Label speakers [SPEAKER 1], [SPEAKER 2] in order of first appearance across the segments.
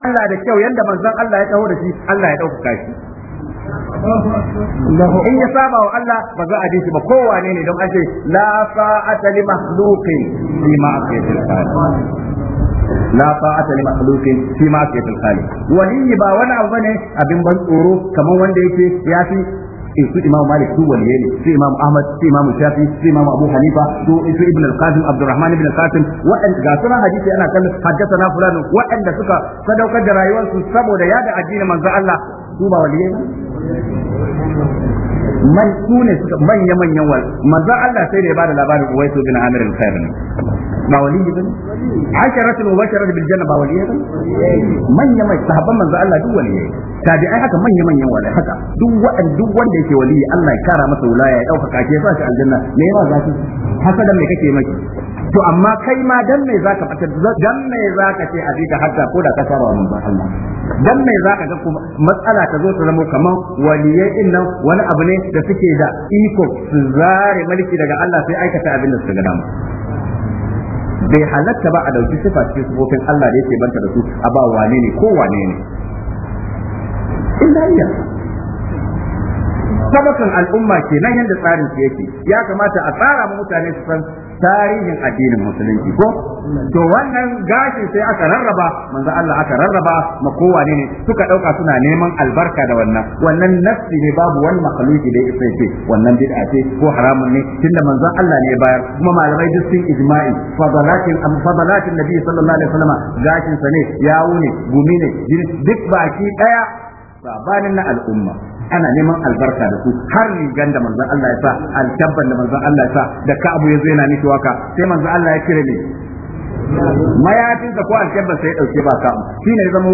[SPEAKER 1] Allah da kyau yadda manzon Allah ya taho da shi Allah ya ɗaukaka shi in ya saba wa Allah ba za a ji shi ba kowane ne don an ce la fa'ata li makhluqin fi khaliq la fa'ata li fi khaliq wani ba wani abu bane abin ban tsoro kamar wanda yake ya fi in eh, imam malik su waliye ne su imam ahmad su imam shafi su imam abu hanifa su su ibn al-qasim abdurrahman ibn al-qasim waɗanda ga sunan hadisi ana kan haddathana fulan waɗanda suka sadaukar da rayuwarsu saboda yada addinin manzo Allah su waliye ne man su ne suka manya manyan wal Allah sai da ya bada labarin Uwaisu bin Amir al ba waliyi bane asharatul mubasharatu bil janna ba waliyi bane manya mai sahabban manzo Allah duk waliyai tabi'ai haka manya manyan waliyai haka duk wa'an duk wanda yake waliyi Allah ya kara masa wulaya ya dauka kake ya sa shi aljanna me yawa za ki hasadan me kake maki to amma kai ma dan me zaka fata dan me zaka ce a ka hatta ko da ka saba wa manzo Allah dan me zaka ga kuma matsala ta zo ta zama kamar waliyai din nan wani abu ne da suke da iko su zare mulki daga Allah sai aikata abin da suka ga dama bai halatta ba a dauki sifa cikin sifofin Allah da yake banta da su a ba wane ne ko wane ne in sabakan al'umma ke nan yadda tsarin su yake ya kamata a tsara mu mutane su san tarihin addinin musulunci ko to wannan gashin sai aka rarraba manzo Allah aka rarraba ma kowane ne suka dauka suna neman albarka da wannan wannan nafsi ne babu wani makhluki da yake sai wannan bid'a ce ko haramun ne tunda manzo Allah ne bayar kuma malamai duk sun ijma'i fadalatin am fadalatin nabi sallallahu alaihi wasallam gashin sa ne yawo ne gumi ne duk baki daya sabanin na al'umma ana neman albarka da su har rigan da manzon Allah ya sa alkabban da manzon Allah ya sa da ka'abu yazo yana nufi waka sai manzon Allah ya kire ne mayafin da ko aljabba sai dauke ba kamu shine ya zama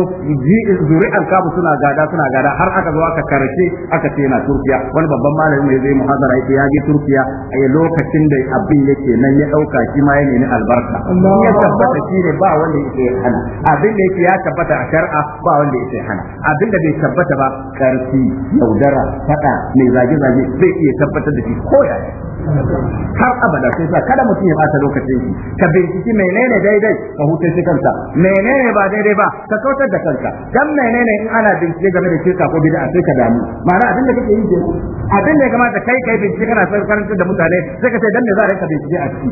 [SPEAKER 1] zuri'ar alkabu suna gada suna gada har aka zo aka karshe aka ce na turkiya wani babban malami mai zai muhazara yake ya je turkiya a lokacin da abin yake nan ya dauka shi ma ya nemi albarka ya tabbata shi ne ba wanda yake hana abin da yake ya tabbata a shar'a ba wanda yake hana abin da bai tabbata ba karfi yaudara fada mai zage-zage zai iya tabbatar da shi ko yaya har abada sai sa kada mutum ya bata lokacin shi ka binciki menene daidai ka hutar kanka menene ba daidai ba ka kautar da kanka dan menene in ana bincike game da shirka ko bid'a sai ka damu ma'ana abin da kake yi ke abin da ya kamata kai kai bincike kana son karantar da mutane sai ka ce dan me za a rinka bincike a ciki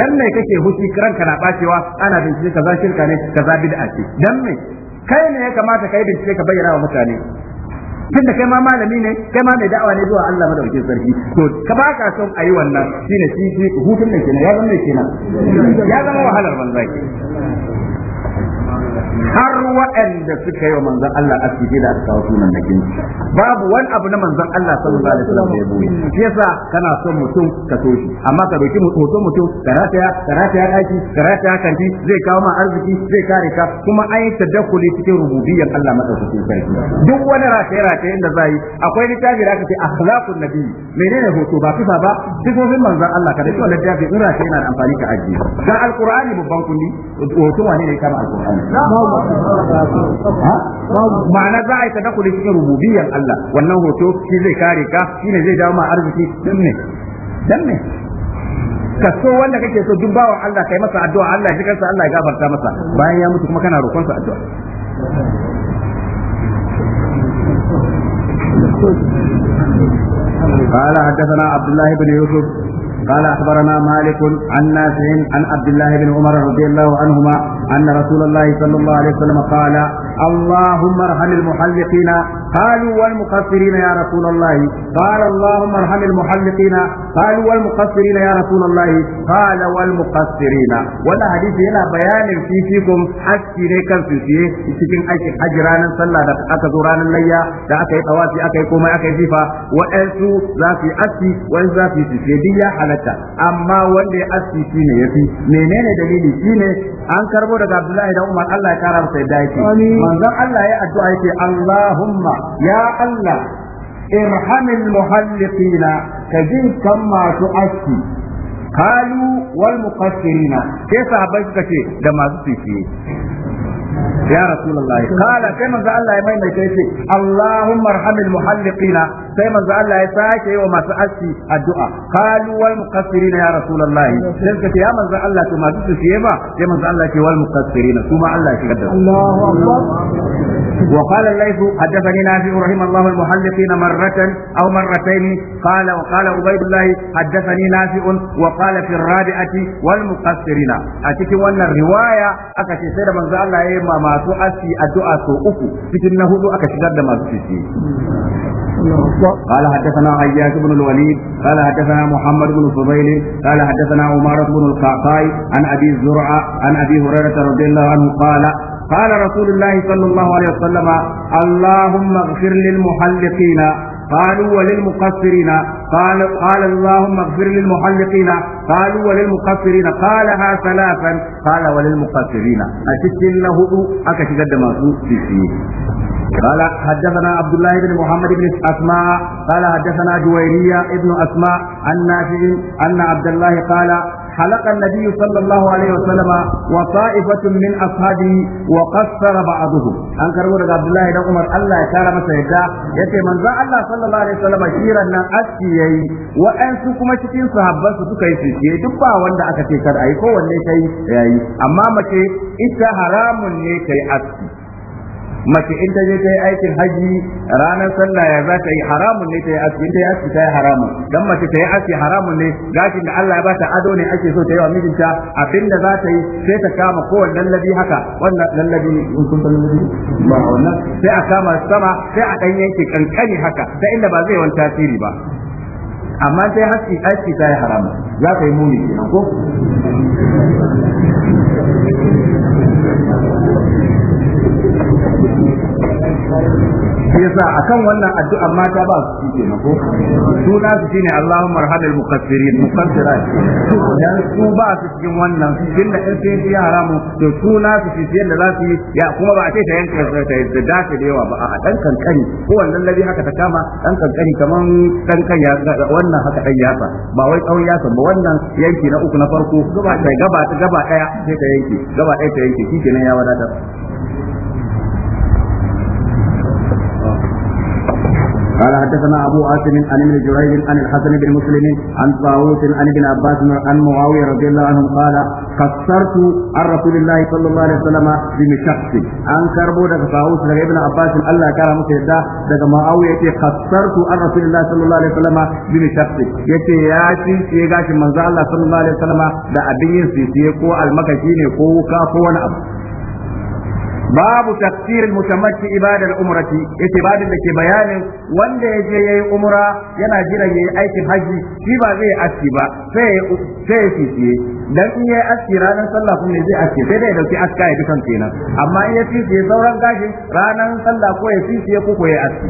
[SPEAKER 1] dan me kake hushi ranka na bacewa ana bincike kaza shirka ne kaza bid'a ce dan me kai ne ya kamata kai bincike ka bayyana wa mutane tunda kai ma malami ne kai ma mai da'awa ne zuwa Allah madaukakin sarki to ka ba ka son ayi wannan shine shi hutun ne kenan ya zama ne kenan ya zama
[SPEAKER 2] wahalar banzaki har
[SPEAKER 1] waɗanda suka yi wa manzan Allah asiri da aka kawo sunan da babu wani abu na manzan Allah sallallahu alaihi wasallam da ya boye shi yasa kana son mutum ka so shi amma ka doki hoton mutum ka rataya ka rataya daki ka rataya kanti zai kawo ma arziki zai kare ka kuma an yi tadakkuli cikin rububiyyar Allah madaukakin sarki duk wani rataye rataye da za yi akwai littafi da aka ce akhlaqun nabi menene hoto ba kifa ba sifofin manzon Allah kada to littafi in rataye yana da amfani ka ajiye dan alqur'ani babban kundi hoton wane ne kama alqur'ani ne ma'ana za a yi tadakuli cikin rububiyyar Allah wannan hoto shi zai kare ka shi ne zai dawo ma arziki dan ne dan ne ka so wanda kake so duk bawan Allah kai masa addu'a Allah ya kansa Allah ya gafarta masa bayan ya mutu kuma kana roƙon sa addu'a قال حدثنا عبد الله بن يوسف قال اخبرنا مالك عن نافع عن عبد الله بن عمر رضي الله عنهما أن رسول الله صلى الله عليه وسلم قال اللهم ارحم المحلقين قالوا والمقصرين يا رسول الله قال اللهم ارحم المحلقين قالوا والمقصرين يا رسول الله قال والمقصرين ولا حديث هنا بيان في فيكم حكي لكم في cikin aikin haji ranar sallah da aka zo ranar layya da aka yi tawafi aka yi komai aka yi fifa wa'ansu za su aski wa'ansu za su yi fife ya halatta amma wanda ya aski shi ne ya menene dalili shi ne an karbo daga abdullahi da umar allah ya kara masa yadda manzon Allah ya addu'a yake Allahumma ya Allah irhamil muhalliqina ka jin masu aski kalu wal muqassirina sai sahabbai suka ce da masu tsiye ya rasulullah kala kai manzon Allah ya maimaita yake, Allahumma irhamil muhalliqina sai manzo Allah ya sake yi wa masu aski addu'a qalu wal muqassirin ya rasulullah sai suka ce ya manzo Allah to masu su ce ba sai manzo Allah ce wal muqassirin su ma Allah shi kaddara Allahu akbar wa qala al-layth hadathani nafi rahimahullah al-muhalliqin marratan aw marratayn qala wa qala ubaydullah hadathani nafi wa qala fi ar wal muqassirin a cikin wannan riwaya aka ce sai da manzo Allah ya yi ma masu aski addu'a so uku cikin na hudu aka shigar da masu fice قال حدثنا عياش بن الوليد قال حدثنا محمد بن فضيل قال حدثنا عمارة بن القعقاع عن أبي زرعة عن أبي هريرة رضي الله عنه قال قال رسول الله صلى الله عليه وسلم اللهم اغفر للمحلقين قالوا وللمقصرين قال قال اللهم اغفر للمحلقين قالوا وللمقصرين قالها ثلاثا قال وللمقصرين أشد له أكشد ما في قال حدثنا عبد الله بن محمد بن اسماء قال حدثنا جويرية ابن اسماء عن نافع ان عبد الله قال حلق النبي صلى الله عليه وسلم وطائفة من أصحابه وقصر بعضهم أن كرمو عبد الله بن عمر الله يكرم سيدا يتي من ذا الله صلى الله عليه وسلم شيرا نان أسيي وأن سكما شكين صحابة سكي سيكي دبا وند أكتي كرأي كو وند أما مكي إتا حرام نيكي أسي mace in ta je ta yi aikin haji ranar sallah ya za ta yi haramun ne ta yi aski in ta yi aski ta yi haramun dan mace ta yi aski haramun ne gashin da Allah ya ba ta ado ne ake so ta yi wa mijinta abinda za ta yi sai ta kama kowanne lallabi haka wannan lallabi kun san lallabi ba wannan sai a kama sama sai a dan yanke kankani haka ta inda ba zai wani tasiri ba amma sai haski aski ta yi haramun za ka yi muni kenan ko yasa akan wannan addu'a mata ba su ci kenan ko suna su shine Allahumma arhamil muqassirin muqassirat dan su ba su cikin wannan da in sai ya haramu to suna su ci yadda za su yi ya kuma ba a ce ta yanka ta da dace da yawa ba a dan kankani ko wannan labi haka ta kama dan kankani kaman dan kan ya wannan haka dan yasa ba wai tsawon yasa ba wannan yanki na uku na farko gaba ta gaba ta gaba daya sai ta yanke gaba daya ta yanke shi kenan ya wadatar قال حدثنا أبو عاصم عن ابن جريج عن الحسن بن مسلم عن طاووس عن ابن عباس عن معاوية رضي الله عنه قال قصرت عن رسول الله صلى الله عليه وسلم بمشخص عن كربو دك طاووس دك ابن عباس الله كان مسيدا دك معاوية قصرت عن رسول الله صلى الله عليه وسلم بمشخص يتي ياتي يغاشي منزل الله صلى الله عليه وسلم da abin yin sisiye ko almakashi ne ko wuka ko wani abu babu tafsirin mutamatti ibadar umrati yake babin da ke bayanin wanda ya je yayi umra yana jiran yayi aikin haji shi ba zai aski ba sai sai ya fice dan in yayi aski ranar sallah kuma zai aski sai dai dauki aska ya dukan kenan amma in ya fice sauran gashin ranar sallah ko ya fice ko ko ya aski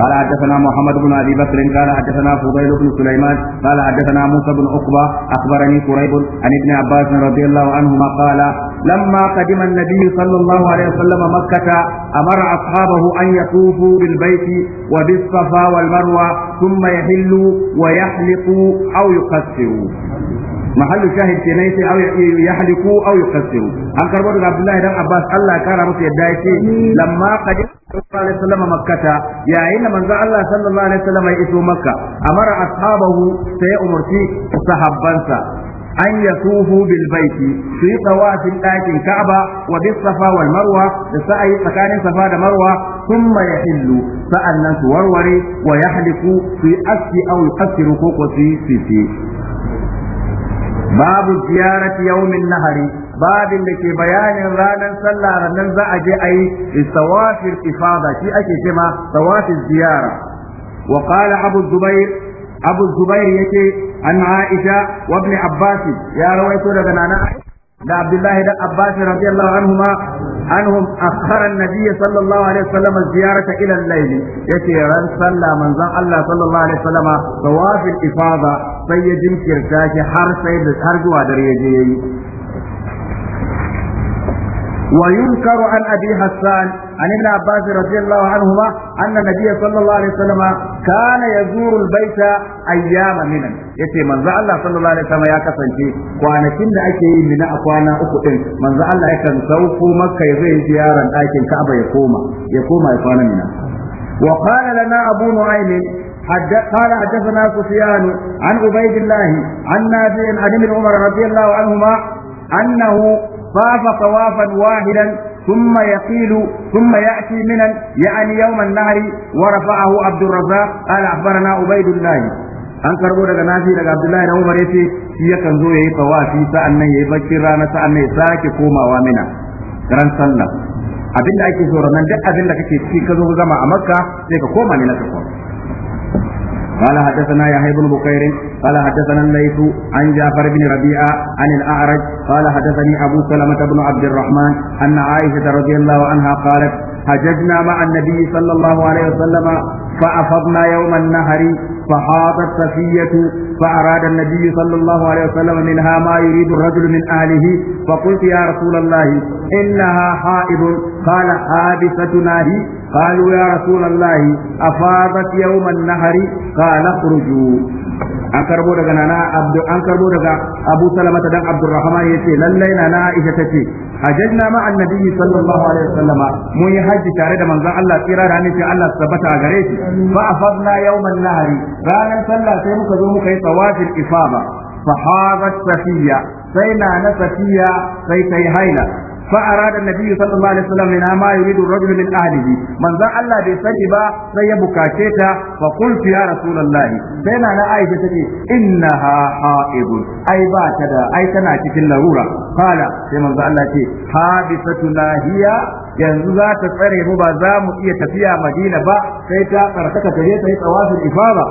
[SPEAKER 1] قال حدثنا محمد بن ابي بكر قال حدثنا فضيل بن سليمان قال حدثنا موسى بن عقبه اخبرني قريب عن ابن عباس رضي الله عنهما قال لما قدم النبي صلى الله عليه وسلم مكة أمر أصحابه أن يطوفوا بالبيت وبالصفا والمروة ثم يهلوا ويحلقوا أو يقصروا محل شاهد كنيس أو يحلقوا أو يقصروا أنكر عبد الله بن عباس الله كرمه يدايتي لما قدم sallallahu alaihi wasallam makkata yayin da manzo Allah sallallahu alaihi wasallam ya iso makka amara ashabahu sai umurti sahabbansa an yatufu bil baiti su yi tawafin ɗakin Ka'aba wa bis safa wal marwa da sa'ayi tsakanin safa da marwa ya thumma sa'an nan su warware wa yahliku su yi aski aw yuqassiru ko ko su yi babu ziyarati yawmin nahari babin da ke bayanin ranar sallah ranar za a je a yi tsawafin ifada shi ake kima tsawafin ziyara wa qala abu zubair abu zubair yake an aisha wa ibn abbas ya rawaito daga nana da abdullahi da abbas radiyallahu anhuma anhum akhara an-nabiy sallallahu alaihi wasallam ziyarata ila al-layl Yake ran sallah manzon Allah sallallahu alaihi wasallam tawafil ifada sai ya jinkirta shi har sai da har zuwa dare ya je yayi وينكر عن أبي حسان عن ابن عباس رضي الله عنهما أن النبي صلى الله عليه وسلم كان يزور البيت أياما منا yace manzo Allah sallallahu alaihi wasallam ya kasance kwanakin da ake yi mina a kwana uku din manzo Allah yakan sauko maka ya zai ziyaran ɗakin Ka'aba ya koma ya koma ya kwana mina wa qala lana abu nu'aym قال حدثنا سفيان عن عبيد الله عن نافع عن ابن عمر رضي الله عنهما أنه طاف طوافا واحدا ثم يقيل ثم يأتي منا يعني يوم النهر ورفعه عبد الرزاق قال عبيد الله an karbo daga nafi daga abdullahi na umar yace shi yakan zo yayi tawafi sa'an nan yayi bakin rana sa'an nan ya sake komawa mina ran sallah abinda ake so nan duk abinda kake ci ka zo zama a makka sai ka koma ni ka koma قال حدثنا يحيى بن بكير قال حدثنا الليث عن جعفر بن ربيعة عن الأعرج قال حدثني أبو سلمة بن عبد الرحمن أن عائشة رضي الله عنها قالت حججنا مع النبي صلى الله عليه وسلم فأفضنا يوم النهر فحاضت صفية فأراد النبي صلى الله عليه وسلم منها ما يريد الرجل من أهله فقلت يا رسول الله إنها حائض قال حابستنا هي قالوا يا رسول الله أفاضت يوم النهر قال اخرجوا an karbo daga nana abdu an karbo daga abu salamata dan abdurrahman yace lallai nana aisha tace hajjna ma annabi sallallahu alaihi wasallam mun yi haji tare da manzon Allah tsira da annabi Allah tabbata a gare shi fa afadna yawman nahari ranar sallah sai muka zo muka yi tawafil ifada fa hadat safiya sai na na safiya sai ta yi haila فأراد النبي صلى الله عليه وسلم منها ما يريد الرجل من أهله من ذا الله بسجبا سيبكاكيتا فقلت يا رسول الله بين أنا عائشة إنها حائض أي باتدا أي تناتك اللرورة قال من ذا الله حابستنا هي yanzu za ta tsare mu ba za mu iya tafiya madina ba sai ta karkata ta je ta yi tsawafin ifada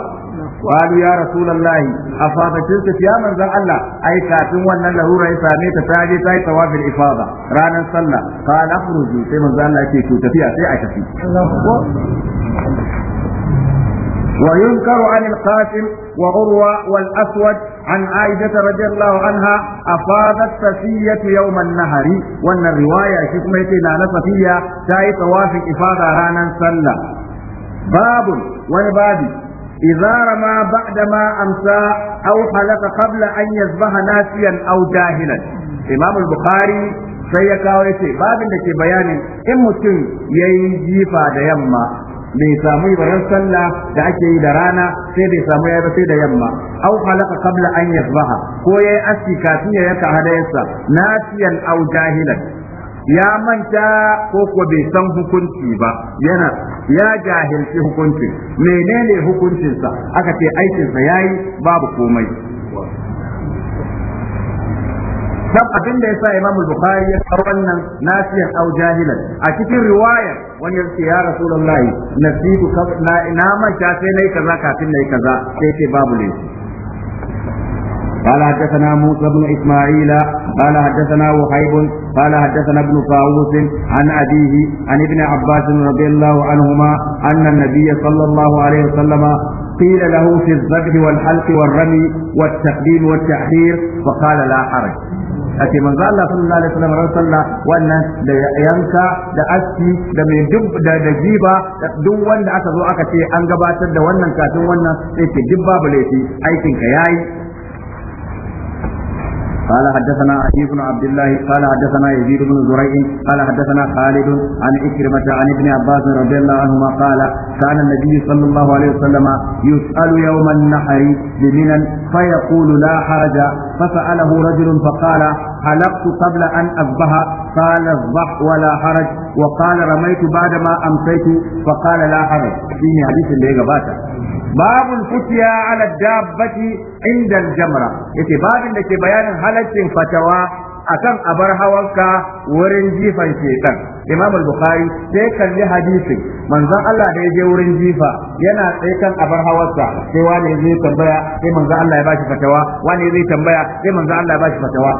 [SPEAKER 1] qalu ya rasulullahi afadatin ta ya manzon Allah ai kafin wannan larura ya same ta taje je ta yi tawafil ifada ranar sallah qala akhruju sai manzon Allah yake to tafiya sai a tafi ويذكر عن القاسم وعروة والأسود عن عائشة رضي الله عنها أفاضت صفية يوم النهر وأن الرواية شكمة نانا صفية تاي طواف إفاضة رانا صلى باب babi. إذا رمى بعدما أمسى أو حلف قبل أن يصبح ناسيا أو جاهلا إمام البخاري sai ya kawo ya ce babin da ke bayanin in mutum ya yi jifa da yamma bai samu ibaran sallah da ake yi da rana sai bai samu ya ba sai da yamma au halaka kabla an yasbaha ko yayi aski kafin ya yanka hadayarsa siyan au jahilan ya manta ko ko bai san hukunci ba yana ya jahilci hukuncin menene hukuncinsa aka ce aikinsa yayi babu komai dan abin da yasa Imam Bukhari ya kawo wannan nasiyan au jahilan a cikin riwayar wani ya ce ya Rasulullahi nasibu na na manta sai nayi kaza kafin nayi kaza sai ce babu laifi قال حدثنا موسى بن إسماعيل قال حدثنا وحيب قال حدثنا ابن طاووس عن أبيه عن ابن عباس رضي الله عنهما أن النبي صلى الله عليه وسلم قيل له في الذبح والحلق والرمي والتقديم والتأخير فقال لا حرج ake manzo Allah sallallahu alaihi wasallam sallah wannan da yanka da aski da mai duk da da jiba duk wanda aka zo aka ce an gabatar da wannan kafin wannan sai ke duk babu aikin ka yayi قال حدثنا علي بن عبد الله قال حدثنا يزيد بن زريع قال حدثنا خالد عن إكرمة عن ابن عباس رضي الله عنهما قال كان النبي صلى الله عليه وسلم يسأل يوم النحر بمنى فيقول لا حرج فسأله رجل فقال حلقت قبل أن أصبح قال اصبح ولا حرج وقال رميت بعدما أمسيت فقال لا حرج فيه حديث اللي babul futiya ala dabbati inda jamra yace babin da ke bayanin halaccin fatawa akan abar hawanka wurin jifan shekan imamul al-bukhari sai kalli hadisin manzon Allah da je wurin jifa yana tsaye kan abar hawarsa sai wani zai tambaya sai manzon Allah ya bashi fatawa wani zai tambaya sai manzon Allah ya bashi fatawa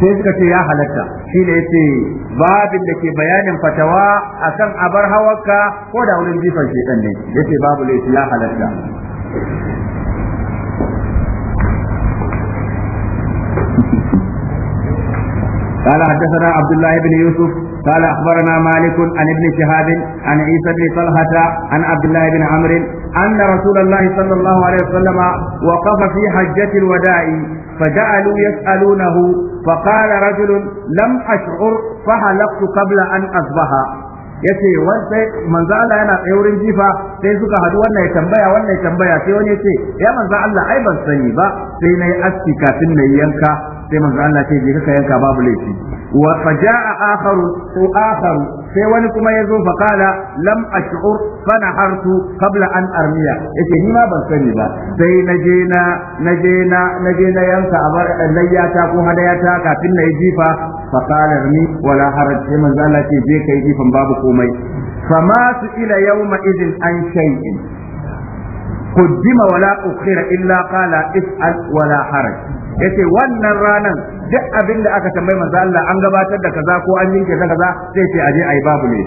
[SPEAKER 1] sai suka ce ya halatta shi ne yace babin da ke bayanin fatawa akan abar hawarka ko da wurin jifan shedan ne yace babu laifi ya halatta قال حدثنا عبد الله بن يوسف قال اخبرنا مالك عن ابن شهاب عن عيسى بن طلحه عن عبد الله بن عمرو ان رسول الله صلى الله عليه وسلم وقف في حجه الوداع فجعلوا يسالونه فقال رجل لم أشعر فحلقت قبل أن أصبح yace wanda manzo Allah yana tsaye wurin jifa sai suka hadu wannan ya tambaya wannan ya tambaya sai wani yace ya manzo Allah ai ban sani ba sai nayi aski kafin nayi yanka sai manzo Allah ce je kaka yanka babu laifi wa faja'a akharu ko akharu sai wani kuma yazo fa kala lam ash'ur fa nahartu qabla an armiya yace ni ma ban sani ba sai naje na naje na naje na yanka abar layya ta ko hadaya ta kafin na yi jifa fa kala ni wala haraj sai manzo Allah ce je kai jifan babu komai ma su ila yawma idin an shay'in قدم ولا أخر إلا قال افعل ولا حرج yace wannan ranan duk abin da aka tambayi manzo Allah an gabatar da kaza ko an yanke da kaza sai ce aje ayi babu ne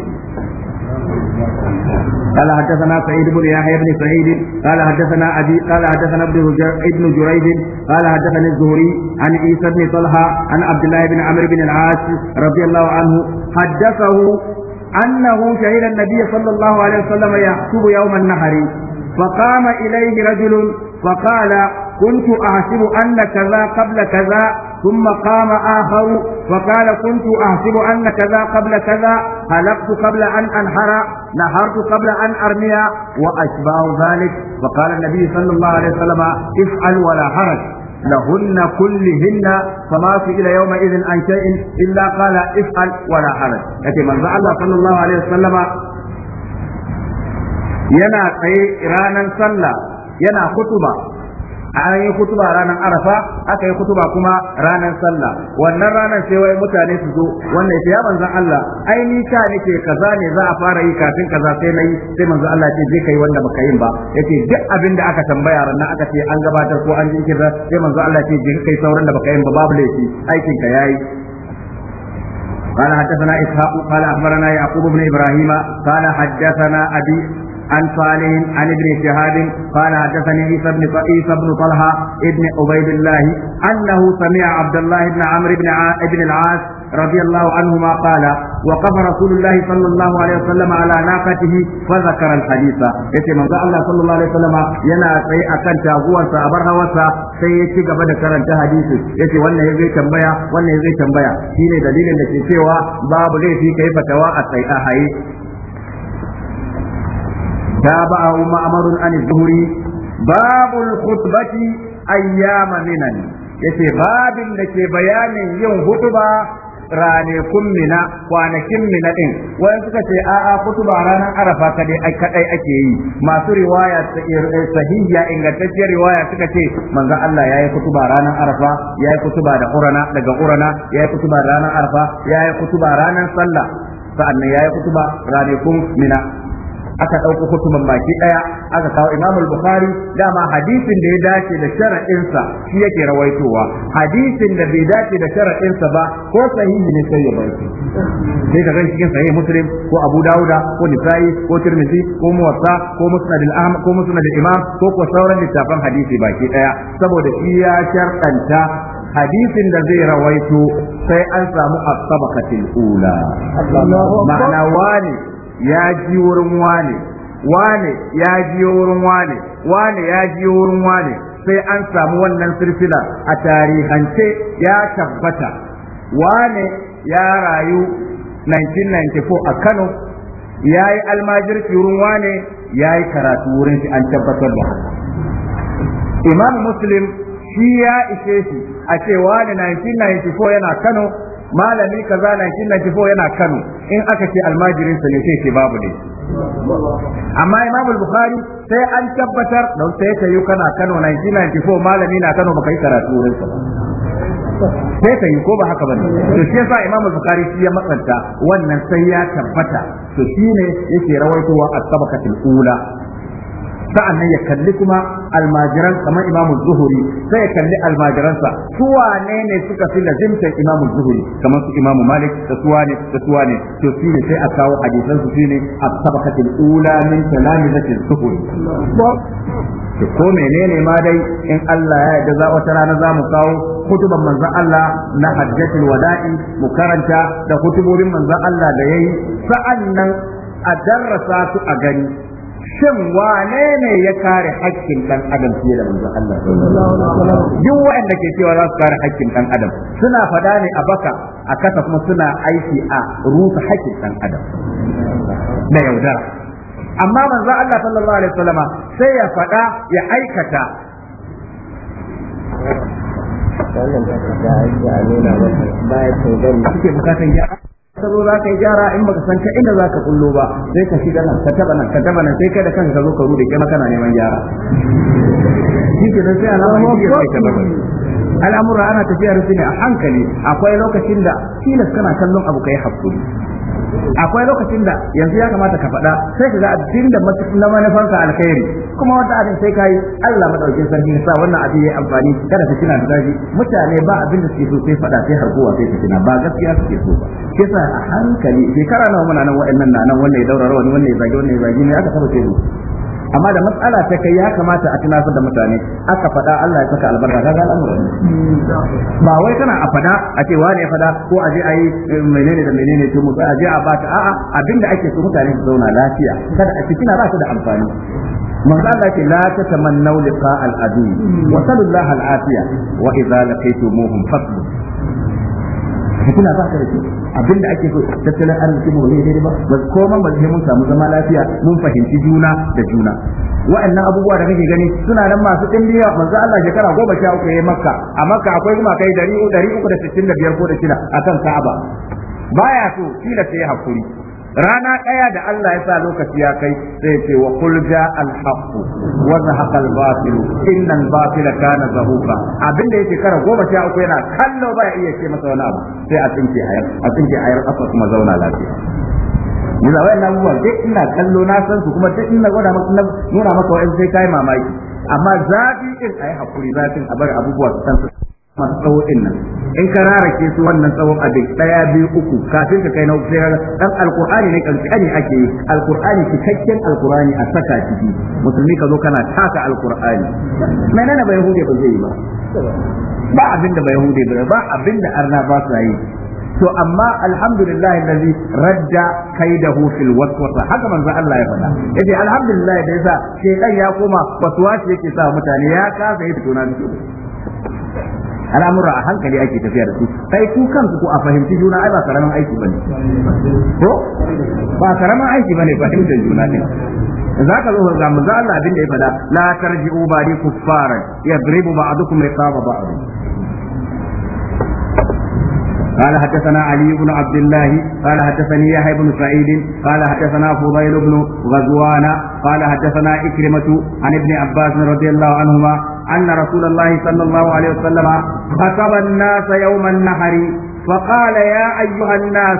[SPEAKER 1] قال حدثنا سعيد بن يحيى بن سعيد قال حدثنا ابي قال حدثنا ابن جريج قال حدثني الزهري عن عيسى بن طلحه عن عبد الله بن عمرو بن العاص رضي الله عنه حدثه انه شهد النبي صلى الله عليه وسلم يخطب يوم النهر فقام إليه رجل فقال كنت أحسب أن كذا قبل كذا ثم قام آخر فقال كنت أحسب أن كذا قبل كذا هلقت قبل أن أنحر نحرت قبل أن أرمي وأشباه ذلك فقال النبي صلى الله عليه وسلم افعل ولا حرج لهن كلهن فما في إلى يومئذ عن شيء إلا قال افعل ولا حرج لكن من الله صلى الله عليه وسلم yana tsaye ranan sallah yana kutuba an yi kutuba ranar arafa aka yi kutuba kuma ranan sallah wannan ranar sai wai mutane su zo wannan sai ya manzon Allah ai ni ka nake kaza ne za a fara yi kafin kaza sai nayi sai manzon Allah ce je kai wanda baka yin ba yace duk abin da aka tambaya ranar aka ce an gabatar ko an jinkirta sai manzon Allah ce je kai sauran da baka yin ba babu laifi aikin ka yayi قال حدثنا إسحاق قال أخبرنا يعقوب بن إبراهيم قال حدثنا أبي عن صالح عن ابن شهاب قال حدثني عيسى بن عيسى بن طلحه ابن عبيد الله انه سمع عبد الله بن عمرو بن ابن العاص رضي الله عنهما قال وقف رسول الله صلى الله عليه وسلم على ناقته فذكر الحديث yace manzo Allah sallallahu alaihi wasallam yana tsaye akan taguwarsa a bar hawarsa sai ya ci gaba da karanta hadisi yace wannan zai tambaya wannan zai tambaya shine dalilin da ke cewa babu laifi kai fatawa a a haye تابعه معمر عن الظهر باب الخطبة أيام منن yace babin da ke bayanin yin hutuba ranakun mina kwanakin mina din wani suka ce a'a kutuba ranar arafa kadai kadai ake yi masu riwaya sahihiya ingantacciyar riwaya suka ce manzon Allah yayi kutuba ranar arafa yayi kutuba da qurana daga qurana yayi kutuba ranar arafa yayi kutuba ranar sallah sa'annan yayi hutuba ranakun mina aka ɗauko hutunan baki ɗaya aka kawo Imam Bukhari dama hadisin da ya dace da shara'insa shi yake rawaitowa hadisin da bai dace da shara'insa ba ko sahihi ne sai ya bar shi sai ka cikin sahihi Muslim ko Abu Dawuda ko Nisa'i ko Tirmidhi ko Muwatta ko Musnad al-Ahmad ko Musnad al-Imam ko ko sauran littafan hadisi baki ɗaya saboda shi ya hadisin da zai rawaito sai an samu as-sabaqatil ula ma'ana wani ya ji wurin wane wane ya ji wurin wane wane ya ji wurin wane sai an samu wannan silsila a tarihance ya tabbata wane ya rayu 1994 a Kano ya yi almajirci wurin wane ya yi karatu wurin shi an tabbatar da haka imam muslim shi ya ishe shi a ce wane 1994 yana Kano malami kaza 1994 yana Kano in aka ce almajirin sa ne sai ce babu ne amma Imam Bukhari sai an tabbatar da sai ta yi kana Kano 1994 malami na Kano baka yi karatu wurin sa sai ta yi ko ba haka bane to shi yasa Imam Bukhari shi ya matsanta wannan sai ya tabbata to shine yake rawaitowa a tabaqatul ula Sa'annan ya kalli kuma almajiran kamar Imam Zuhuri sai ya kalli almajiransa su wane ne suka fi lazimtar Imam Zuhuri kamar su Imam Malik da su wane da su wane to shi ne sai a kawo hadisan su shine as-sabaqatul ula min talamizatil zuhuri to ko menene ma dai in Allah ya yarda za wata rana za mu kawo kutuban manzon Allah na hajjatul wada'i mu karanta da kutubobin manzon Allah da yayi sa'annan a darasa su a gani shin wane ne ya kare hakkin dan adam fiye da manzo Allah duk wanda ke cewa za su kare hakkin dan adam suna fada ne a baka a kasa kuma suna aiki a rusa hakkin dan adam na yaudara amma manzo Allah sallallahu alaihi wasallama sai ya fada ya aikata wannan da ta ga ya nuna ba ya tsoron da suke bukatan gyara ka zo za ka yi gyara in baka san ta inda za ka kullo ba sai ka shiga nan ka taba nan ka taba nan sai kai da kanka ka zo ka rude kana kana neman gyara shi ke sai alama shi ya ta baba al'amura ana tafiya rufi ne a hankali akwai lokacin da tilas kana kallon abu kai hakuri akwai lokacin da yanzu ya kamata ka faɗa sai ka ga abin da na manufarsa alkhairi kuma wata abin sai ka yi Allah madaukin sarki ya sa wannan abin ya amfani kada ka kina da mutane ba abin da suke so sai faɗa sai harkuwa sai ka kina ba gaskiya suke so ba shi a hankali shekara nawa muna nan wa'annan na nan wannan ya daura rawani wannan ya zagi wannan ya zagi ne aka saba sai amma da matsala ta kai ya kamata a tunasar da mutane aka faɗa Allah ya saka albarka ga al'amuran ba wai kana a fada a ce wane ya fada ko a je a yi eh, menene da menene to musa a je a baka a'a abinda ake so mutane su zauna lafiya kada a cikin ba ta da amfani manzo Allah ce la tatamannu liqa al-adu wa sallallahu al-afiya wa idza laqaytumuhum fasbu fitina ba ka da abinda ake so tattalin arziki mu ne dai ba ba komai ba ne mun samu zama lafiya mun fahimci juna da juna wa'annan abubuwa da kake gani suna nan masu dimbiya manzo Allah shekara goma sha uku ya makka a makka akwai kuma kai dari uku da sittin ko da shida akan ka'aba baya so shi sai hakuri rana ɗaya da Allah ya sa lokaci ya kai sai ce wa kul ja al haqq wa zahaqa al batil inna al batila kana zahuqa abinda yake kara goma sha uku yana kallo ba iya ce masa wani abu sai a tsinke ayar a tsinke ayar afa kuma zauna lafiya ni da wayan abubuwa duk ina kallo na san su kuma duk ina gwada maka nuna maka wa'in sai kai mamaki amma zafi din ayi hakuri zafin a bar abubuwa su san su masu tsawo nan in ka rarake su wannan tsawon abin ɗaya biyu uku kafin ka kai na uku sai ka dan alqur'ani ne kankani ake yi alqur'ani cikakken alqur'ani a saka ciki musulmi ka zo kana taka alqur'ani menene bai hude ba zai yi ba ba abinda bai hude ba ba abinda arna ba su yi to amma alhamdulillah allazi radda kaidahu fil waswasa haka manzo Allah ya faɗa yace alhamdulillah da yasa shedan ya koma waswasi yake sa mutane ya kasa yi tuna al'amura a hankali ake tafiya da su sai ku ku a fahimci juna ai ba karamin aiki bane ko ba karamin aiki bane fahimtar juna ne za ka zo ga manzo Allah abin da ya fada la tarji'u ba'di kuffaran yadribu ba'dukum riqaba ba'd قال حدثنا علي بن عبد الله قال حدثني يحيى بن سعيد قال حدثنا فضيل بن غزوان قال حدثنا إكرمة عن ابن عباس رضي الله عنهما أن رسول الله صلى الله عليه وسلم خطب الناس يوم النحر فقال يا أيها الناس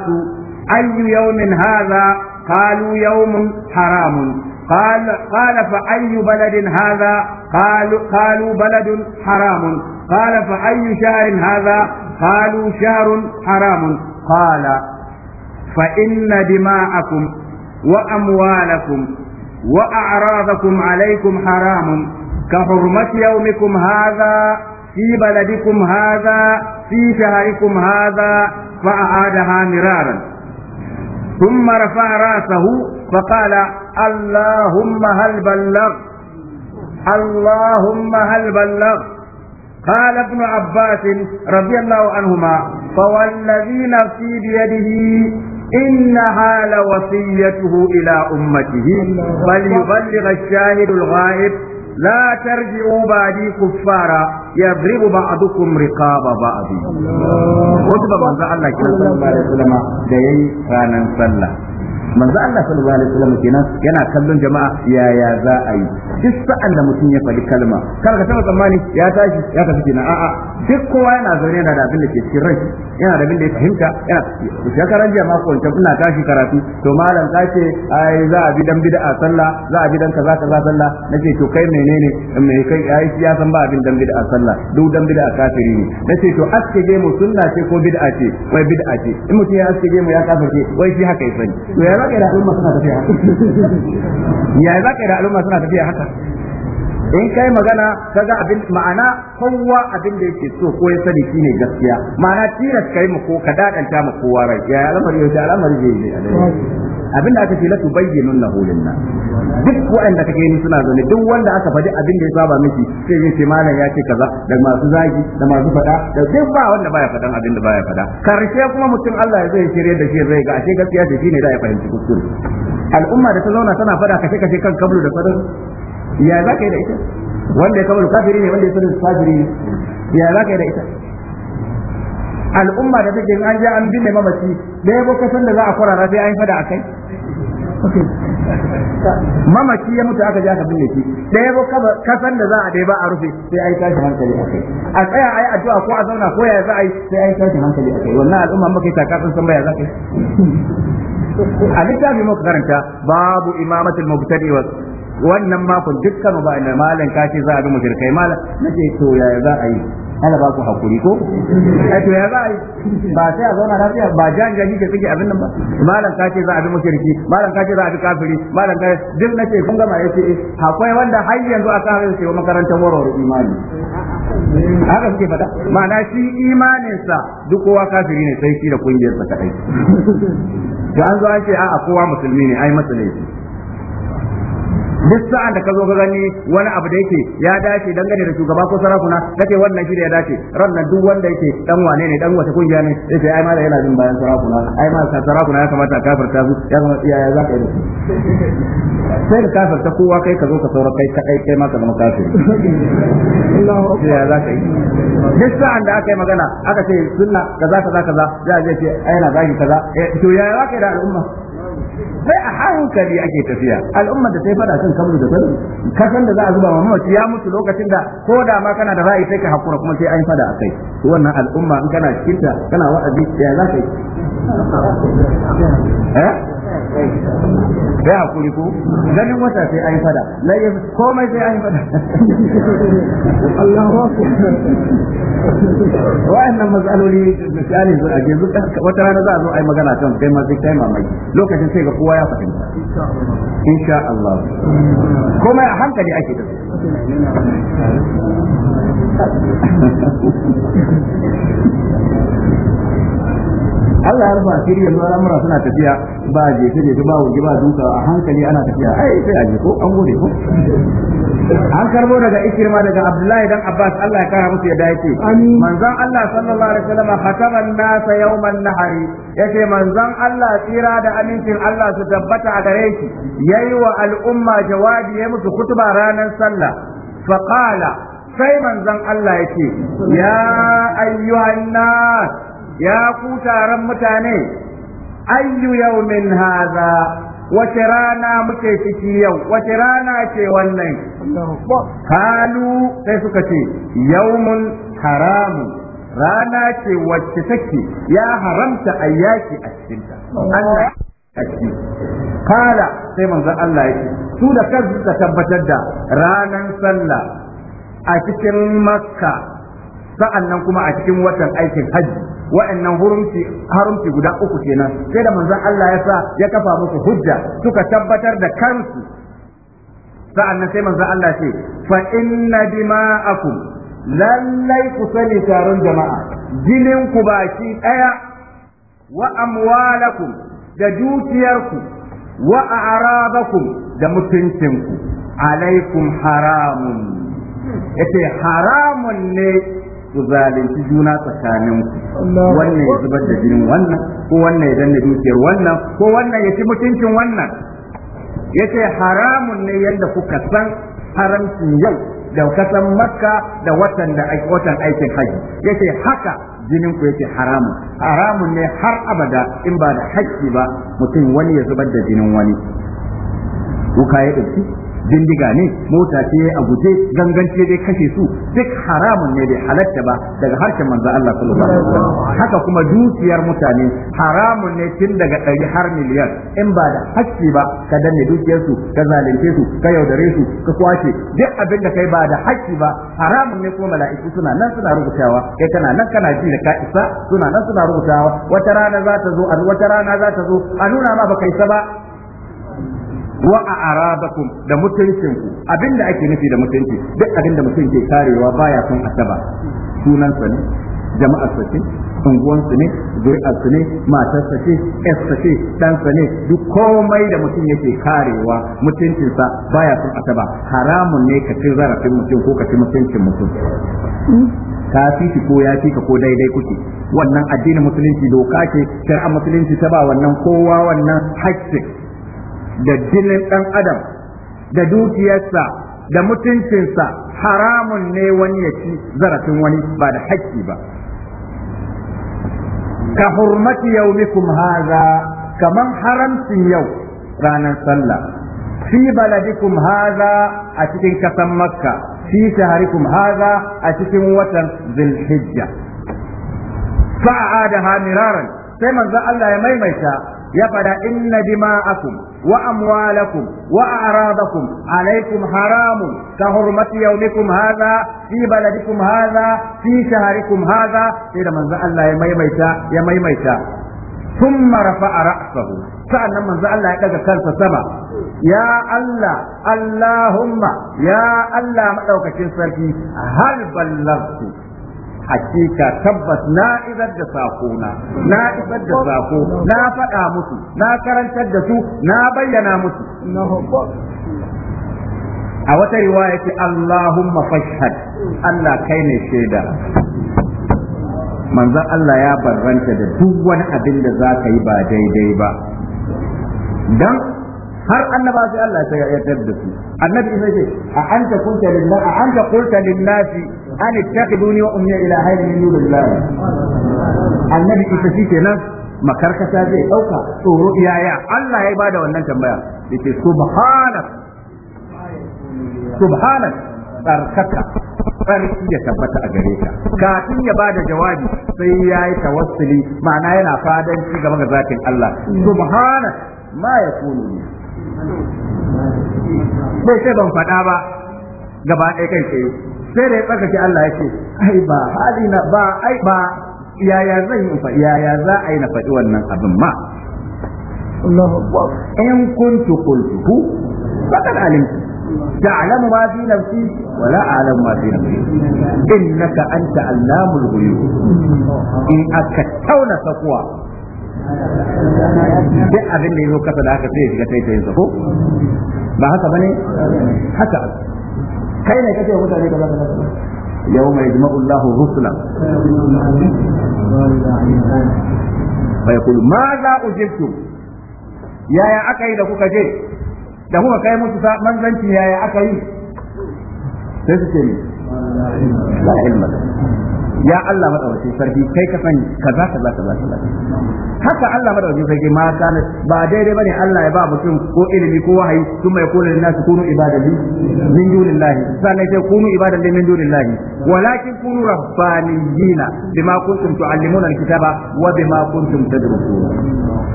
[SPEAKER 1] أي يوم هذا قالوا يوم حرام قال قال فأي بلد هذا قالوا قالوا بلد حرام قال فأي شهر هذا قالوا شهر حرام قال فإن دماءكم وأموالكم وأعراضكم عليكم حرام كحرمة يومكم هذا في بلدكم هذا في شهركم هذا فأعادها مرارا ثم رفع رأسه فقال اللهم هل بلغ اللهم هل بلغ قال ابن عباس رضي الله عنهما فوالذي نفسي بيده إنها لوصيته إلى أمته فليبلغ الشاهد الغائب la tarji'u ba'di kuffara yadribu a riqaba ba'di wato manzo Allah kira sallallahu alaihi wasallam da yayi ranar sallah manzo Allah sallallahu alaihi wasallam kenan yana kallon jama'a yaya za a yi duk sa'an da mutum ya faɗi kalma kar ka taba tsammani ya tashi ya tafi kenan a'a duk kowa yana zaune yana da abin da ke cikin rai yana da abin da ya fahimta yana shekaran jama'a ko ta ina tashi karatu to malam ka ce ai za a bi dan bid'a sallah za a bi dan kaza kaza sallah nace to kai menene me kai ai ya san ba abin dan bid'a sallah duk dan bid'a kafiri ne nace to aske gemu sunna ce ko bid'a ce wai bid'a ce in mutum ya aske gemu ya kafirce wai shi haka ya sani ya za ka yi da al'umma suna tafiya haka za ka
[SPEAKER 2] yi
[SPEAKER 1] da al'umma suna tafiya haka in kai magana ga abin ma'ana kowa abin da yake so ko ya sani ne gaskiya ma'ana tilas kai mu ko ka dadanta mu kowa rai ya al'amari yau al'amari zai yi abinda aka ce la tubayyinun lahu linnas duk wanda kake ni suna zaune duk wanda aka faɗi abin da ya saba miki sai zai ce malam ya ce kaza da masu zagi da masu faɗa da duk ba wanda baya faɗan abin da baya faɗa karshe kuma mutum Allah ya zai shirye da shi zai ga ashe gaskiya da shi ne da ya fahimci kuskure al'umma da ta zauna tana faɗa kashe kashe kan kablu da faɗin ya za ka yi da ita wanda ya kablu kafiri ne wanda ya sanin kafiri ne ya za ka yi da ita al'umma da take an je an binne mamaci da ya boka san da za a kwarara sai an fada akai mamaci ya mutu aka je aka binne shi da ya kasan da za a dai ba a rufe sai ai tashi hankali akai a tsaya ai addu'a ko a zauna ko ya za a yi sai ai tashi hankali akai wannan al'umma muka yi takasan san baya za ka a littafi muka karanta babu imamatul mubtadi wa wannan makon dukkan ba inda malan kace za a bi mushrikai malan nake to ya za a yi ana ba ku hakuri ko a to ya bai ba sai a zauna lafiya ba jan gani ke kike abin nan ba malam kace za a bi mushriki malam kace za a bi kafiri malam kace duk ce kun gama yace eh, akwai wanda har yanzu a kare shi wa makarantar warware imani haka suke fada ma'ana shi imaninsa duk kowa kafiri ne sai shi da kungiyar sa kadai da an zo an ce a'a kowa musulmi ne ai masa laifi duk sa'an da ka zo ka gani wani abu da yake ya dace dangane da shugaba ko sarakuna kace wannan shi da ya dace rannan duk wanda yake dan wane ne dan wata kungiya ne yace ai mala yana jin bayan sarakuna ai ma sarakuna ya kamata kafirta su ya kamata ya za ka yi sai kafir ta kowa kai ka zo ka saura kai kai kai ma ka zama kafiri ya za ka yi duk sa'an da aka yi magana aka ce sunna kaza kaza kaza za a je ce ai na zagi kaza eh, to ya za ka yi da al'umma sai a hankali ake tafiya al'umma da sai fada kan kabri da kabri kasan da za a zuba wa mamaci ya mutu lokacin da ko da ma kana da ra'ayi sai ka hakura kuma sai an fada a kai wannan al'umma in kana cikinta kana wa'azi ya za ka yi eh? kai hakuri ko ganin wata sai an fada na yi komai sai an fada Allahu akbar wa'annan matsaloli misali zuwa ke zuwa wata rana za a zo a yi magana kan kai ma sai kai mamaki lokacin sai ga kowa ya fahimta insha Allah komai a hankali ake da
[SPEAKER 2] su
[SPEAKER 1] Allah ya rufa asiri yanzu al'amura suna tafiya ba jefe jefe ba wuce ba duka a hankali ana tafiya ai sai a ko an gode ko an karbo daga ikirma daga Abdullahi dan Abbas Allah ya kara musu yadda yake manzon Allah sallallahu alaihi wasallam khataban nas yawman nahari yace manzon Allah tsira da amincin Allah su tabbata a gare shi yayi wa al'umma jawabi ya musu kutuba ranar sallah faqala sai manzon Allah yake ya ayyuhan nas ya ku taron mutane ayyu yawmin haza. wace rana muke ciki yau wace rana ce wannan halu sai suka ce yawmun haramun rana ce wacce take ya haramta a yaki a cikinta Allah kala sai manzo Allah yake su da kansu suka tabbatar da ranan sallah a cikin makka sa'annan kuma a cikin watan aikin hajji wa'annan hurumci harumci guda uku kenan sai da manzon Allah ya sa ya kafa musu hujja suka tabbatar da kansu sa'annan sai manzon Allah ce fa inna dima'akum lallai ku sani taron jama'a jinin ku baki daya wa amwalakum da dukiyarku wa a'rabakum da mutuncinku alaikum haramun yace haramun ne ku zalunci juna tsakanin wannan ya zubar da jinin wannan ko wannan ya danna dukiyar wannan ko wannan ya ci mutuncin wannan Ya ce haramun ne yadda kuka san haramcin yau da kasan makka da watan da watan aikin haji Ya ce haka jinin ku yake haramun haramun ne har abada in ba da haƙƙi ba mutum wani ya zubar da jinin wani kuka ya ɗauki bindiga ne mota ce a guje gangance dai kashe su duk haramun ne bai halatta ba daga harshen manzo Allah sallallahu alaihi wasallam haka kuma dukiyar mutane haramun ne tun daga ɗari har miliyan in ba da hakki ba ka danne dukiyar su ka zalunce su ka yaudare su ka kwace duk abin da kai ba da hakki ba haramun ne kuma mala'iku suna nan suna rubutawa kai kana nan kana ji da ka isa suna nan suna rubutawa wata rana za ta zo a wata rana za ta zo a nuna ma baka isa ba wa arabakum da mutuncin ku abinda ake nufi da mutunci duk abinda mutum ke karewa baya son asaba sunan sa ne jama'ar sa ce unguwan su ne zuri'ar su ne matar sa ce ƴar sa ce dan sa ne duk komai da mutum yake karewa mutuncin sa baya son asaba haramun ne ka ci zarafin mutum ko ka ci mutuncin mutum ka fi ki ko ya fi ka ko daidai kuke wannan addinin musulunci doka ce shari'ar musulunci ta ba wannan kowa wannan haƙƙin da jinin ɗan adam da dukiyarsa da mutuncinsa haramun ne wani ya ci zarafin wani ba da haƙƙi ba ka hurmati yaumikum haza kaman haramcin yau ranar sallah fi baladikum haza a cikin kasan makka fi shaharikum haza a cikin watan zilhijja fa'a da hamiraran sai manzo Allah ya maimaita ya fada inna dima'akum wa amwalakum wa a'radakum alaikum haramun ka hurmati yaumikum hadha fi baladikum hadha fi shaharikum hadha sai da manzo Allah ya maimaita ya maimaita ثم رفع رأسه سألنا من ذا الله يكذا كالف سما يا الله اللهم يا الله مدوك سركي هل بلغت hakika tabbas na isar da sako na na isar da sako na faɗa musu na karantar da su na bayyana musu a wata riwaya ce Allahumma fashhad Allah kai ne shaida manzon Allah ya barranta da duk wani abin da za ka yi ba daidai ba dan har annaba sai Allah ya yarda da su annabi sai ce a anta kunta lillahi a anta qulta linnasi an ittaqiduni wa ummi ilahayn min dunillah annabi ita shi kenan makarkata zai dauka tsoro iyaya Allah ya bada wannan tambaya yace subhanak subhanak tsarkaka sarki ya tabbata a gare ka kafin ya bada jawabi sai ya yi tawassuli ma'ana yana fadan ci gaba ga zakin Allah subhanak ma yakunu bai sai ban faɗa ba gaba ɗaya kai tsaye sai da ya tsarkake Allah ya ce ai ba hali na ba ai ba yaya zan yi faɗi yaya za a yi na faɗi wannan abin ma Allahu akbar in kuntu qultuhu faqad alimtu fi nafsi wa la a'lamu ma fi nafsi innaka anta allamul ghuyub in إن أكتون taqwa duk abin da ya zo kasa da aka sai ya shiga taitayinsa ko ba haka bane haka kai ne kake mutane kaza kaza يوم يجمع الله رسلا فيقول ماذا أجبتم يا يا أكاي da kuka je da kuka kai musu manzanci yaya ya aka yi sai su ce ni la ilma ya Allah madawacin sarki kai ka sani kaza kaza kaza kaza haka Allah madawacin sarki ma kana ba daidai bane Allah ya ba mutum ko ilimi ko wahayi kuma ya kula da nasu kunu ibadalli min dunillahi sanai sai kunu ibadalli min dunillahi walakin kunu rabbaniyina bima kuntum tuallimuna alkitaba wa bima kuntum tadrusuna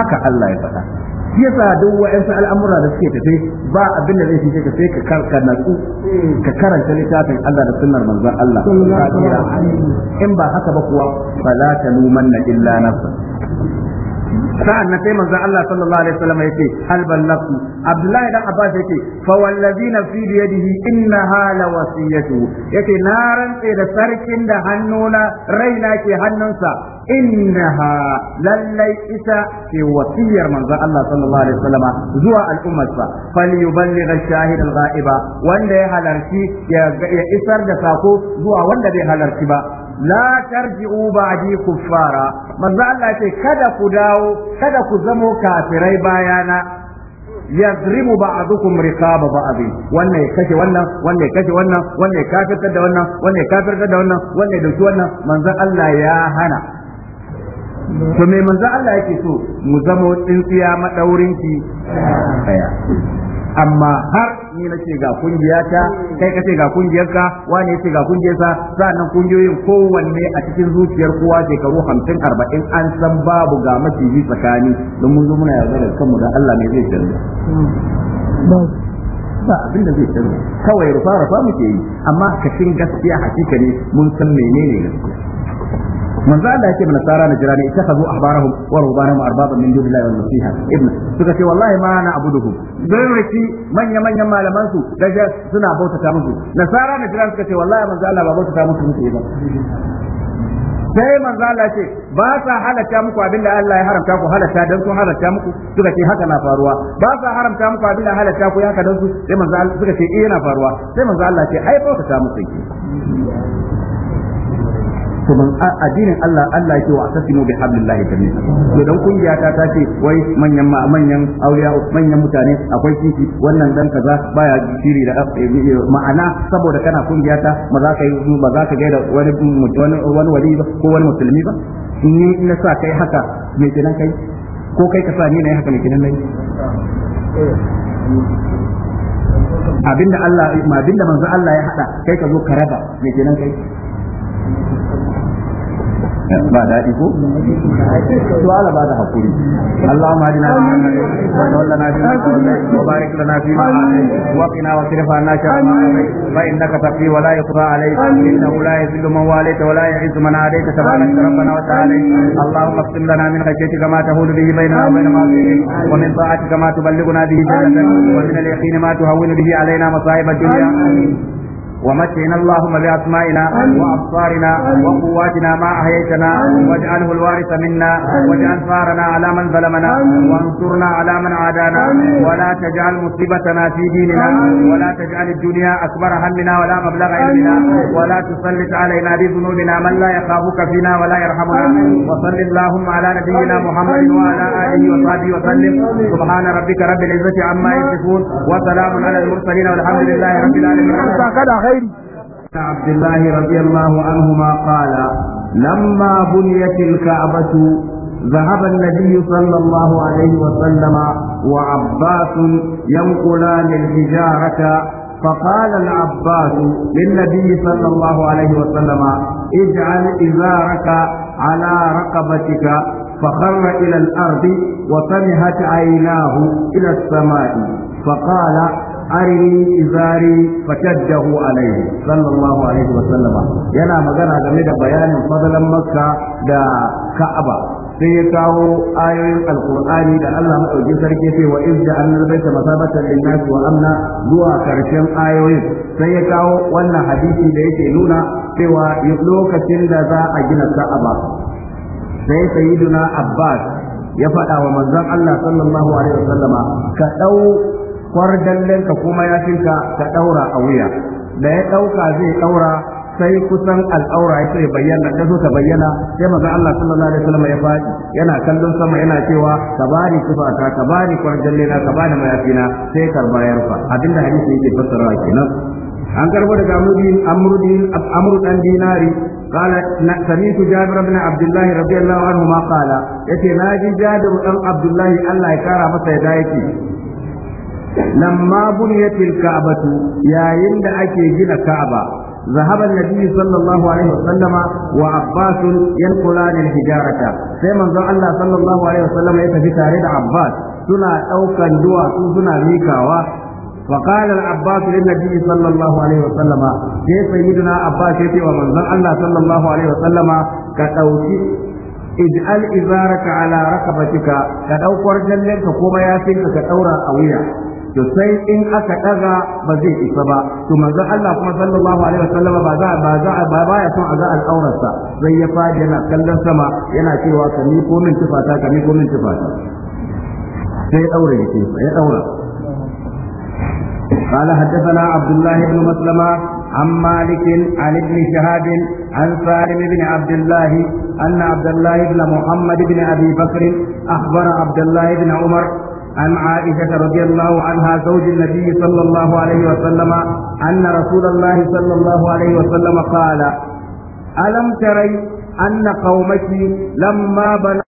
[SPEAKER 1] haka Allah ya faɗa shi yasa duk wa'ansu al'amura da suke tafe ba abin da zai fice ka sai ka karka natsu ka karanta littafin Allah da sunnar manzon Allah in ba haka ba kuwa fala numanna illa nafsa sa'an sai manzo Allah sallallahu alaihi wasallam yace hal Abdullahi dan Abbas yace fa wallazi ya bi yadihi innaha hala wasiyatu yace na rantse da sarkin da hannuna raina ke hannunsa innaha lallai isa ke wasiyar manzon Allah sallallahu alaihi wasallama zuwa al'ummarsa falyuballigh ash-shahid al-ghaiba wanda ya halarci ya isar da sako zuwa wanda bai halarci ba la tarji'u ba'di kuffara manzo Allah ce kada ku dawo kada ku zamo kafirai bayana yadribu ba'dukum riqaba ba'd wannan ya kashe wannan wannan ya kashe wannan wannan ya kafirtar da wannan wannan ya kafirtar da wannan wannan ya dauki wannan manzo Allah ya hana to me manzo Allah yake so mu zamo tsintsiya madaurinki amma har ni nace ga kungiyata kai kace ga kungiyarka wani yace ga kungiyarsa nan kungiyoyin kowanne a cikin zuciyar kowa shekaru 50 40 an san babu ga maciji tsakani don mun zo muna yarda da kanmu da Allah ne zai canza ba abin da zai canza kawai rufa rufa muke yi amma kashin gaskiya hakika ne mun san menene gaskiya من ذا yake mana tsara na jirani أحبارهم ahbarahum أربابا من arbaban الله dunillahi ابن سكتي والله suka ce wallahi ma na يمن bayyaki manya manyan سنع بوتا daga suna bautata musu nasara na ذا suka ce wallahi manzo ba musu sai manzo Allah ce ba sa halatta muku abin da Allah ya haramta ku halatta dan sun halatta muku suka ce haka na faruwa ba sa haramta muku abin da halatta ku ya haka dan su sai manzo Allah suka ce eh yana faruwa sai manzo Allah ce ai bauta ta musu to ban addinin Allah Allah yake wa asasimu bi hablillahi jami'a to dan kungiya ta ta ce wai manyan ma manyan auliya manyan mutane akwai kishi wannan dan kaza baya jiri da eh, eh, ma'ana saboda kana kungiya ta ba za ka yi ba za ka gaida wani wani wali ba ko wani musulmi ba in na sa kai haka me kenan kai ko kai ka sa ni na yi haka me kenan nayi abinda Allah ma abinda manzo Allah ya hada kai ka zo ka raba me kenan kai ba daɗi ko to Allah ba da hakuri Allahumma hadina wa barik lana fi ma wa qina wa innaka taqi wa la alayka la yuzillu man walayta wa la yu'izzu man adayta tabaraka rabbana wa ta'ala Allahumma lana min tahulu bihi wa wa min tuballighuna ومتعنا اللهم بأسمائنا وأبصارنا وقواتنا ما أحييتنا واجعله الوارث منا واجعل ثارنا على من ظلمنا وانصرنا على من عادانا ولا تجعل مصيبتنا في ديننا ولا تجعل الدنيا أكبر همنا ولا مبلغ علمنا ولا تسلط علينا بذنوبنا من لا يخافك فينا ولا يرحمنا وصل اللهم على نبينا محمد وعلى آله وصحبه وسلم سبحان ربك رب العزة عما يصفون وسلام على المرسلين والحمد لله رب العالمين alkhairi عبد الله رضي الله عنهما قال لما بنيت الكعبة ذهب النبي صلى الله عليه وسلم وعباس ينقلان الحجارة فقال العباس للنبي صلى الله عليه وسلم اجعل إزارك على رقبتك فخر إلى الأرض وسمحت عيناه إلى السماء فقال arini izari fataddahu alaihi sallallahu alaihi wa sallama yana magana game da bayanin fadalan makka da ka'aba sai ya kawo ayoyin alkur'ani da Allah madaukin sarki sai wa izda annal baita masabatan linnas wa amna zuwa karshen ayoyin sai ya kawo wannan hadisi da yake nuna cewa lokacin da za a gina ka'aba sai sayyiduna abbas ya faɗa wa manzon Allah sallallahu alaihi sallama ka dau kwardallen ka kuma ya ka ka daura a wuya da ya dauka zai daura sai kusan al'aura ya sai bayyana ta zo ta bayyana sai maza Allah sallallahu alaihi wasallam ya faɗi yana kallon sama yana cewa ka bani tufata ka bani kwarjalle na ka bani mayafina sai karbayar fa abinda hadisi yake fassarawa kenan an karbo daga amru dan dinari قال سمعت جابر بن عبد الله رضي الله عنهما قال يتي ناجي جابر بن عبد الله الله يكرمه سيدايتي لما بنيت الكعبة يا da ake gina كعبة ذهب النبي صلى الله عليه وسلم وعباس ينقلان الحجارة سيما الله صلى الله عليه وسلم يتفي تاريد عباس سنة أوكا دوا سنة ميكاوا وقال العباس للنبي صلى الله عليه وسلم يا سيدنا عباس يتي ومن الله صلى الله عليه وسلم كتوتي اجعل ازارك على رقبتك كتوكور جلنك كما يافيك كدورا اويا to sai in aka daga ba zai isa ba to manzon Allah kuma sallallahu alaihi wasallam ba za ba za ba baya son a ga al'aurarsa zai ya fadi yana kallon sama yana cewa ka ni ko min tufata ka ni ko min tufata sai daure yake ya daura قال حدثنا عبد الله بن مسلمة عن مالك عن ابن شهاب عن سالم بن عبد الله أن عبد الله بن محمد بن أبي بكر أخبر عبد الله بن عمر عن عائشة رضي الله عنها زوج النبي صلى الله عليه وسلم أن رسول الله صلى الله عليه وسلم قال ألم تري أن قومك لما بنوا